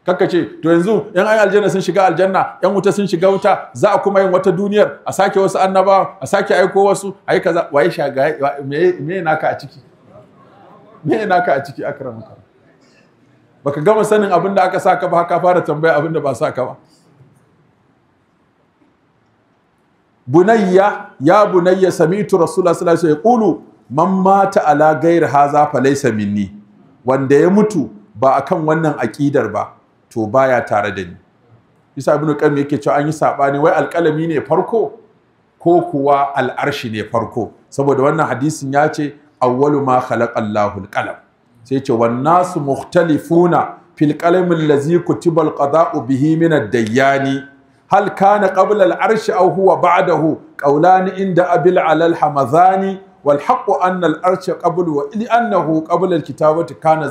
Kaka ce to yanzu yan ai aljanna sun shiga aljanna yan wuta sun shiga wuta za a kuma yin wata duniyar a sake wasu annaba a sake aiko wasu yi kaza waye shaga me me naka a ciki me naka a ciki akramaka baka gama sanin abin da aka saka ba haka fara tambaya abin da ba saka ba bunayya ya bunayya samitu rasulullah sallallahu alaihi wasallam yaqulu man mata ala ghairi haza fa laysa minni wanda ya mutu ba akan wannan aqidar ba to baya tare da ni isa ibnu qayyim yake cewa an yi sabani wai alqalami ne farko ko kuwa al'arshi ne farko saboda wannan hadisin ya ce awwalu ma khalaqa Allahu alqalam sai ce wan nasu mukhtalifuna fil qalami allazi kutiba alqada'u bihi min ad-dayyani hal kana qabla al'arshi aw huwa ba'dahu qawlan inda abil alal hamazani wal haqqu anna al'arsha qablu wa annahu qabla al-kitabati kana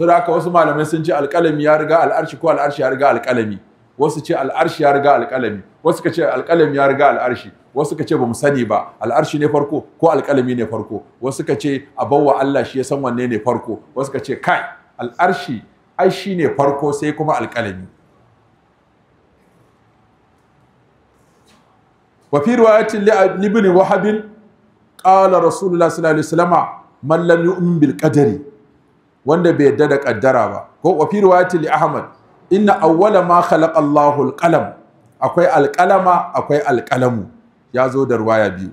saboda haka wasu malamai sun ce alƙalami ya riga al'arshi ko al'arshi ya riga alƙalami wasu ce al'arshi ya riga alƙalami wasu ka ce alƙalami ya riga al'arshi wasu ka ce ba mu sani ba al'arshi ne farko ko alƙalami ne farko wasu ka ce a bawa Allah shi ya san wanne ne farko wasu ka ce kai al'arshi ai shi ne farko sai kuma alƙalami wa fi riwayatin li ibn wahab qala rasulullahi sallallahu alaihi wasallam man lam yu'min bil qadari wanda bai yadda da kaddara ba ko wa fi riwayati li ahmad inna awwala ma khalaqa Allahu alqalam akwai alqalama akwai alqalamu ya zo da riwaya biyu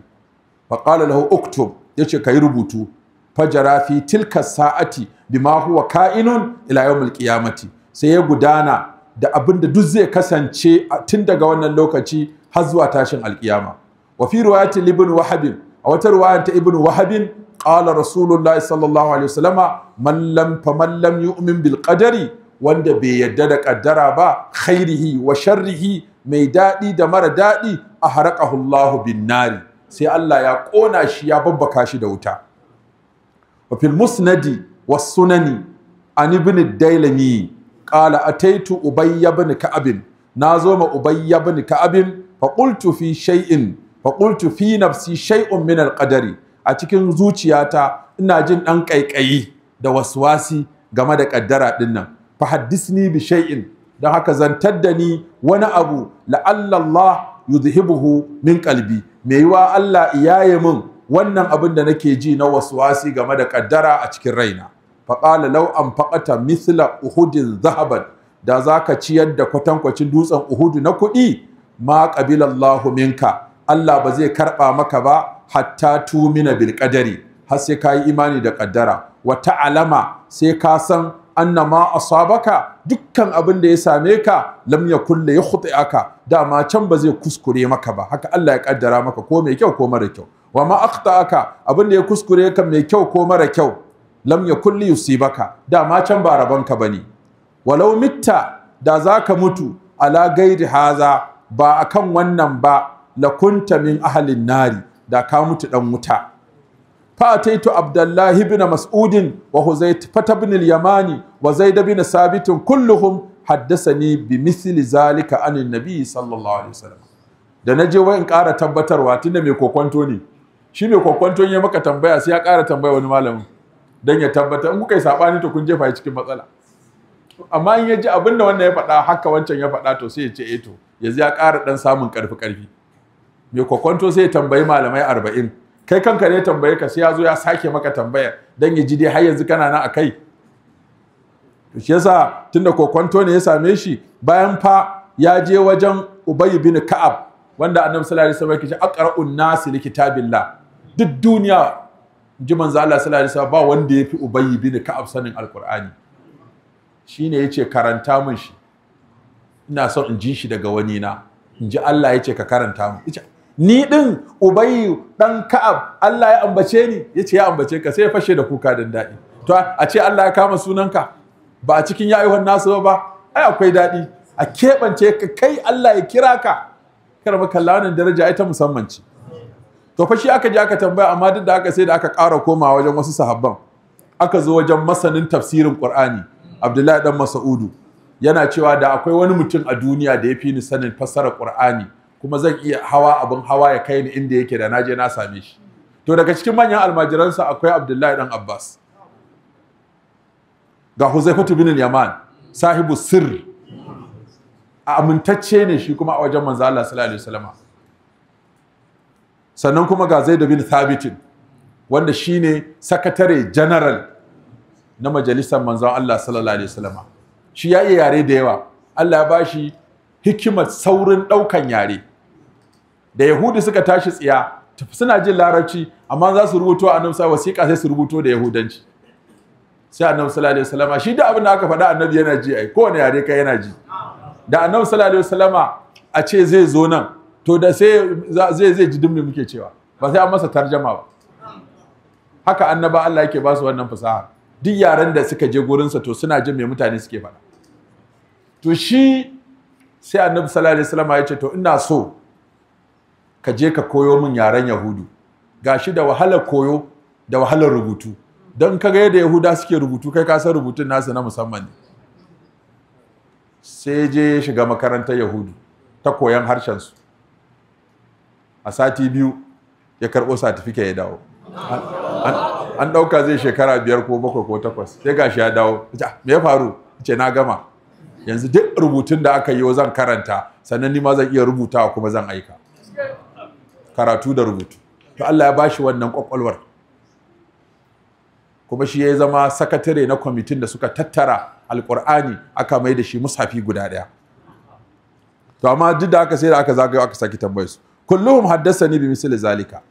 fa qala lahu uktub yace kai rubutu fajara fi tilka sa'ati bima huwa ka'inun ila yawmil qiyamati sai ya gudana da abin da duk zai kasance tun daga wannan lokaci har zuwa tashin alkiyama wa fi riwayati ibn wahab a wata riwayar ta ibn wahab Ƙala rasulullahi sallallahu alaihi wasallama man lam faman lam yu'min bil qadari wanda bai yadda da kaddara ba khairihi wa sharrihi mai daɗi da mara daɗi a harakahu Allah bin nari sai Allah ya ƙona shi ya babbaka shi da wuta wa fil musnadi was sunani an ibn dailami qala ataitu ubayy ibn ka'ab nazo ma ubayy ibn ka'ab fa qultu fi shay'in fa qultu fi nafsi shay'un min al qadari a cikin zuciyata ina jin ɗan ƙaiƙayi da waswasi game da ƙaddara ɗin nan fa haddisni bi shay'in don haka zantar da ni wani abu la'allallah yuzhibuhu min qalbi me yiwa Allah iyaye min wannan abin da nake ji na waswasi game da ƙaddara a cikin raina fa qala law an faqata mithla uhudin zahaban da zaka ciyar da kwatankwacin dutsen uhudu na kuɗi ma qabila minka Allah ba zai karɓa maka ba hatta tumina bil kadari har sai ka yi imani da kaddara wata alama sai ka san annama asabaka dukkan abin da ya same ka lam yakul ya aka dama can ba zai kuskure maka ba haka Allah ya kaddara maka ko mai kyau ko mara kyau wa ma aka abin da ya kuskure ka mai kyau ko mara kyau lam yakul yusibaka dama can ba rabanka bane walau mitta da zaka mutu ala gairi haza ba akan wannan ba lakunta min ahlin nari da ka mutu dan wuta fataitu abdullahi ibn mas'ud wa huzaifat ibn al-yamani wa zaid ibn sabit kulluhum haddathani bi mithli zalika an an nabi sallallahu alaihi wasallam da naje wa in kara tabbatarwa tunda mai kokonto ne shi mai kokonto ya maka tambaya sai ya kara tambaya wani malamin dan ya tabbata in kuka sabani to kun jefa cikin matsala amma in ya ji abinda wannan ya faɗa haka wancan ya faɗa to sai ya ce eh to yanzu ya ƙara dan samun ƙarfi ƙarfi mai kwakwanto sai tambayi malamai arba'in kai kanka ne tambayi ka sai ya zo ya sake maka tambayar don yi ji dai har yanzu kana nan a kai to shi yasa tunda kokwanto ne ya same shi bayan fa ya je wajen Ubay bin Ka'ab wanda Annabi sallallahu alaihi wasallam ya ce aqra'un nas li kitabillah duk duniya ji manzo Allah sallallahu alaihi wasallam ba wanda yafi Ubay bin Ka'ab sanin alqur'ani shine yace karanta min shi ina son in ji shi daga wani na in ji Allah yace ka karanta min ni din ubayi dan ka'ab Allah ya ambace ni Ya ce ya ambace ka sai ya fashe da kuka dan daɗi. to a ce Allah ya kama sunanka ba a cikin yayuwan nasu ba ai akwai daɗi. a keɓance ka kai Allah ya kira ka karba kallawanin daraja ai ta musamman ce to fa shi aka je aka tambaya amma duk da aka sai da aka ƙara komawa wajen wasu sahabban aka zo wajen masanin tafsirin Qur'ani Abdullahi dan Mas'udu yana cewa da akwai wani mutum a duniya da ya fi ni sanin fassara Qur'ani kuma zan iya hawa abin hawa ya kai ni inda yake da na je na same shi to daga cikin manyan almajiransa akwai abdullahi dan abbas ga huzaifatu bin yaman sahibu sirri a amintacce ne shi kuma a wajen manzo Allah sallallahu alaihi wasallam sannan kuma ga zaid bin thabitin wanda shine sakatare general na majalisar manzon Allah sallallahu alaihi wasallam shi ya iya yare da yawa Allah ya bashi hikimar saurin ɗaukan yare da yahudi suka tashi tsiya suna jin larabci amma za su rubuto a sai wasiƙa sai su rubuto da yahudanci sai annabi sallallahu alaihi wasallama shi da abin da aka faɗa annabi yana ji ai kowane yare ka yana ji da annabi sallallahu alaihi wasallama a ce zai zo nan to da sai zai zai ji dimmi muke cewa ba sai an masa tarjama ba haka annaba Allah yake ba su wannan fasaha duk yaran da suka je gurinsa to suna jin me mutane suke faɗa to shi sai annabi sallallahu alaihi wasallam ya ce to ina so ka je ka koyo min yaren yahudu gashi da wahalar koyo da wahalar rubutu don kaga yadda yahuda suke rubutu kai ka san rubutun nasu na musamman ne sai je shiga makarantar yahudu ta koyan harshen su a sati biyu ya karɓo satifika ya dawo an ɗauka zai shekara biyar ko bakwai ko takwas sai gashi ya dawo ya ah, faru ce na gama yanzu duk rubutun da aka yi wa zan karanta sannan ni ma zan iya rubuta kuma zan aika karatu da rubutu to Allah ya bashi wannan kwakwalwar kuma shi ya zama sakatare na kwamitin da suka tattara alkur'ani aka mai da shi mushafi guda ɗaya to amma duk da aka sai da aka zagayo aka saki tambayar su kulluhum haddathani bi misli zalika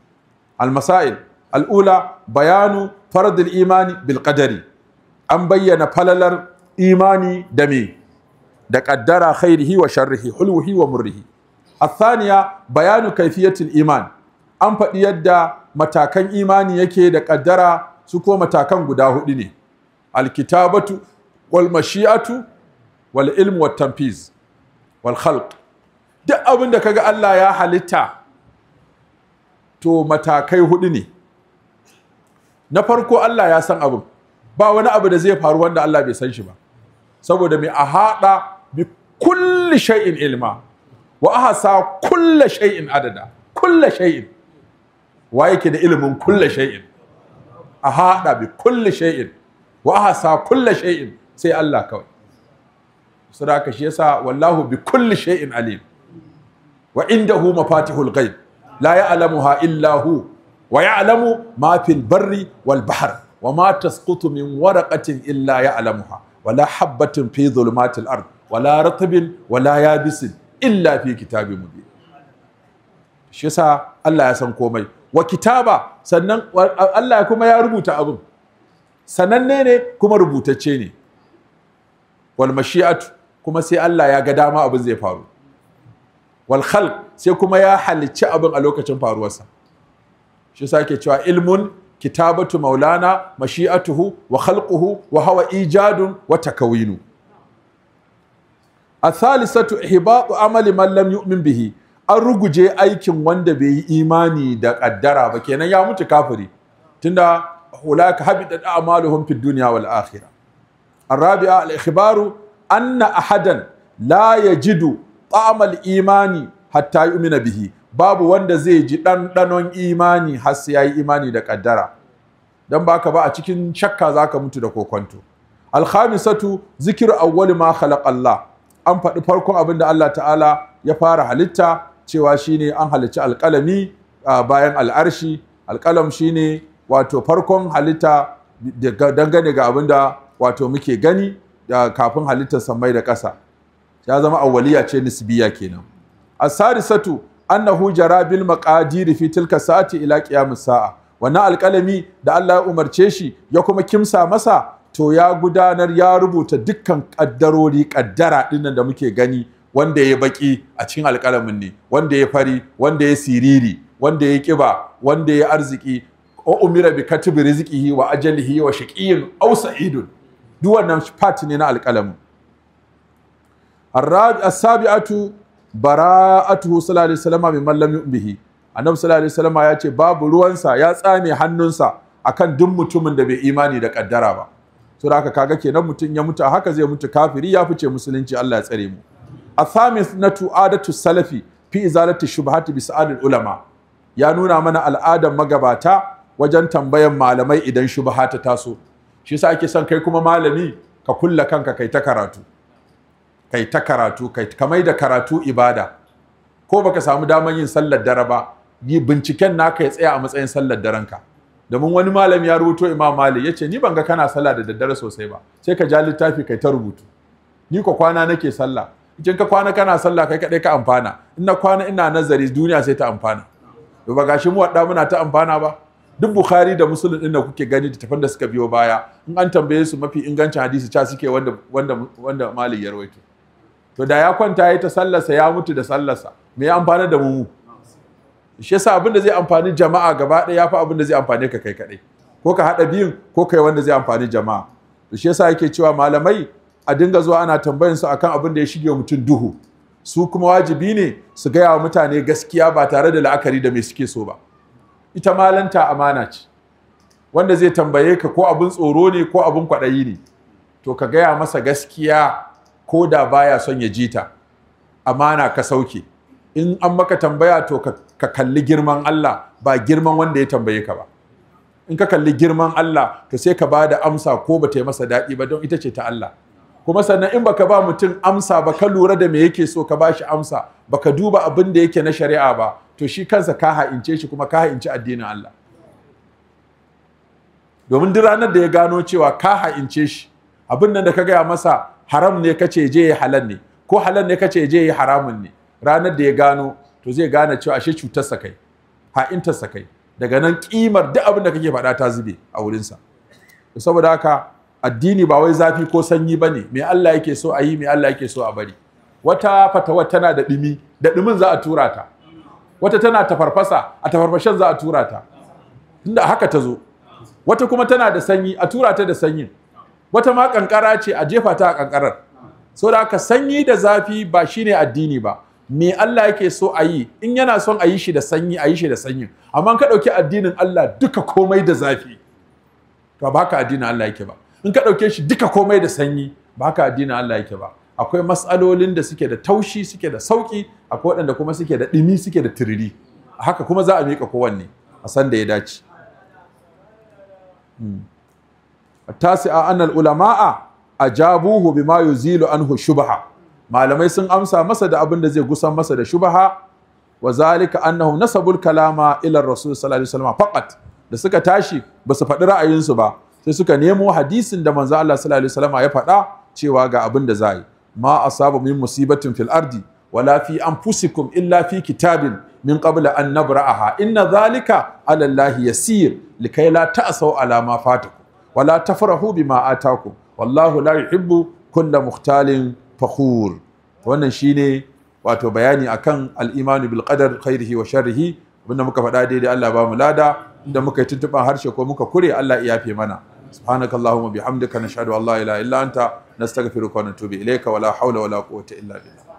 al masail al ula bayanu fard imani bil qadari an bayyana falalar imani da me da kaddara, khairihi wa sharrihi hulwihi wa murrihi athaniya bayanu kaifiyatil iman an faɗi yadda matakan imani yake da kaddara su ko matakan guda hudu ne alkitabatu wal mashi'atu wal ilmu wat tanfiz wal khalq duk abin da kaga Allah ya halitta to matakai hudu ne na farko Allah ya san abin ba wani abu da zai faru wanda Allah bai san shi ba saboda mai a haɗa bi kulli shay'in ilma wa ahsa kulli adada kulli shay'in wa yake da ilimin kulli shay'in a hada bi kulli shay'in wa ahsa kulli sai Allah kawai sadaka shi yasa wallahu bi kulli shai'in alim wa indahu mafatihul ghaib la ya'lamuha illa hu wa ya'lamu ma fil barri wal bahar. wa ma tasqutu min illa ya'lamuha wa la ard wala ratabin wala yabisin illa fi kitabi mubi shi yasa Allah ya san komai wa kitaba sannan Allah kuma ya rubuta abin sananne ne kuma rubutacce ne wal mashi'at kuma sai Allah ya ga dama abin zai faru wal khalq sai kuma ya halicci abin a lokacin faruwarsa shi ke cewa ilmun kitabatu maulana mashi'atuhu wa khalquhu wa hawa ijadun wa takawinu athalisatu ihbatu amali man lam yu'min bihi an ruguje aikin wanda bai yi imani da kaddara ba kenan ya mutu kafiri tunda ulaka habitat a'maluhum fid dunya wal akhirah الرابعة الإخبار anna ahadan لا يجد imani, hatta حتى يؤمن bihi. babu wanda zai ji ɗanɗanon imani har sai yi imani da ƙaddara dan baka ba a cikin shakka za ka mutu da kokonto alhamisatu zikiru awwali ma khalaq Allah an faɗi farkon abin da Allah ta'ala ya fara halitta cewa shine an halicci alƙalami bayan al'arshi alƙalam shine wato farkon halitta dangane ga abin da wato muke gani kafin halittar samai da ƙasa ya zama awwaliya ce nisbiya kenan asari satu annahu jara bil maqadir fi tilka sa'ati ila qiyamis sa'a wannan alƙalami da Allah ya umarce shi ya kuma kimsa masa to ya gudanar ya rubuta dukkan kaddarori kaddara dinnan da muke gani wanda ya baki a cikin alƙalamin ne wanda ya fari wanda ya siriri wanda ya kiba wanda ya arziki o umira bi katibi rizqihi wa ajalihi wa shaqiyin aw sa'idun duk wannan part ne na alƙalamin as-sabi'atu bara'atuhu sallallahu alaihi wasallam man lam yu'min bihi annabi sallallahu alaihi wasallam ya ce babu ruwansa ya tsame hannunsa akan duk mutumin da bai imani da kaddara ba so ka kaga kenan mutum ya mutu a haka zai mutu kafiri ya fice musulunci Allah ya tsare mu athamis na tu'adatu salafi fi izalati shubhati bi sa'adil ulama ya nuna mana al'adan magabata wajen tambayan malamai idan shubha ta taso shi yasa ake son kai kuma malami ka kulla kanka kai ta karatu kai ta karatu kai da karatu ibada ko baka samu daman yin sallar dare ba ni binciken naka ya tsaya a matsayin sallar darenka ka domin wani malam ya rubuto imam Malam ya ce ni ban ga kana sallah da daddare sosai ba sai ka ja littafi kai ta rubutu ni ko kwana nake sallah idan ka kwana kana sallah kai kadai ka amfana in na kwana ina nazari duniya sai ta amfana to ba gashi mu wadda muna ta amfana ba duk bukhari da muslim din da kuke gani da tafan da suka biyo baya in an tambaye su mafi ingancin hadisi cha suke wanda wanda wanda ya rawaito to da ya kwanta yayi ta sallarsa ya mutu da sallarsa me ya amfana da mu shi yasa abin da zai amfani jama'a gaba ɗaya yafi abin da zai amfane ka kai kaɗai ko ka haɗa biyun ko kai wanda zai amfani jama'a to shi yasa yake cewa malamai a dinga zuwa ana tambayan su akan abin da ya shige mutum duhu su kuma wajibi ne su gaya wa mutane gaskiya ba tare da la'akari da mai suke so ba ita malanta amana ce wanda zai tambaye ka ko abin tsoro ne ko abin kwaɗayi ne to ka gaya masa gaskiya ko da baya son ya jita amana ka sauke in an maka tambaya to ka kalli girman Allah ba girman wanda ya tambaye ka ba in ka kalli girman Allah to sai ka ba da amsa ko ba ta yi masa daɗi ba don ita ce ta Allah kuma sannan in baka ba mutum amsa ba ka lura da me yake so ka ba shi amsa baka duba abin da yake na shari'a ba to shi kansa ka ha'ince shi kuma ka haince addinin Allah domin duk ranar da ya gano cewa ka ha'ince shi abin nan da ka gaya masa haram ne kace je ya halal ne ko halal ne kace je ya haramun ne ranar da ya gano to zai gane cewa ashe cutarsa kai ha'intarsa kai daga nan kimar duk abin da kake faɗa ta zube a wurinsa saboda haka addini ba wai zafi ko sanyi ba ne me Allah yake so a yi me Allah yake so a bari wata fatawa tana da ɗumi da dimin za a tura ta wata tana tafarfasa a tafarfashen za a tura ta tunda haka ta zo wata kuma tana da sanyi a tura ta da sanyin wata ma kankara ce a jefa ta a kankarar saboda haka sanyi da zafi ba shine addini ba me Allah yake so a yi in yana son a yi shi da sanyi a yi shi da sanyi amma ka ɗauki addinin Allah duka komai da zafi to ba ka addinin Allah yake ba in ka ɗauke shi duka komai da sanyi ba ka addinin Allah yake ba akwai matsalolin da suke da taushi suke da sauki akwai waɗanda kuma suke da ɗimi suke da tiriri haka kuma za a miƙa kowanne a san da ya dace hmm. tasi'a annal ulama'a ajabuhu bima yuzilu anhu shubha malamai sun amsa masa da abin da zai gusan masa da shubaha wa zalika annahu nasabul kalama ila rasul sallallahu alaihi wasallam faqat da suka tashi ba su faɗi ra'ayinsu ba sai suka nemo hadisin da manzo Allah sallallahu alaihi wasallam ya faɗa cewa ga abin da za yi ma asaba min musibatin fil ardi wala fi anfusikum illa fi kitabin min qabla an nabra'aha inna zalika ala Allah yasir likai la ta'sau ala ma fatakum wala tafrahu bima atakum wallahu la yuhibbu kulla mukhtalin fakhur wannan shi ne wato bayani akan al-imanu bil qadar wa sharrihi abinda muka faɗa daidai Allah ba mu lada inda muka yi tuntuɓan harshe ko muka kure Allah iya fi mana subhanakallahumma bihamdika nashhadu an la ilaha illa anta nastaghfiruka wa natubu ilayka wala hawla wala quwwata illa billah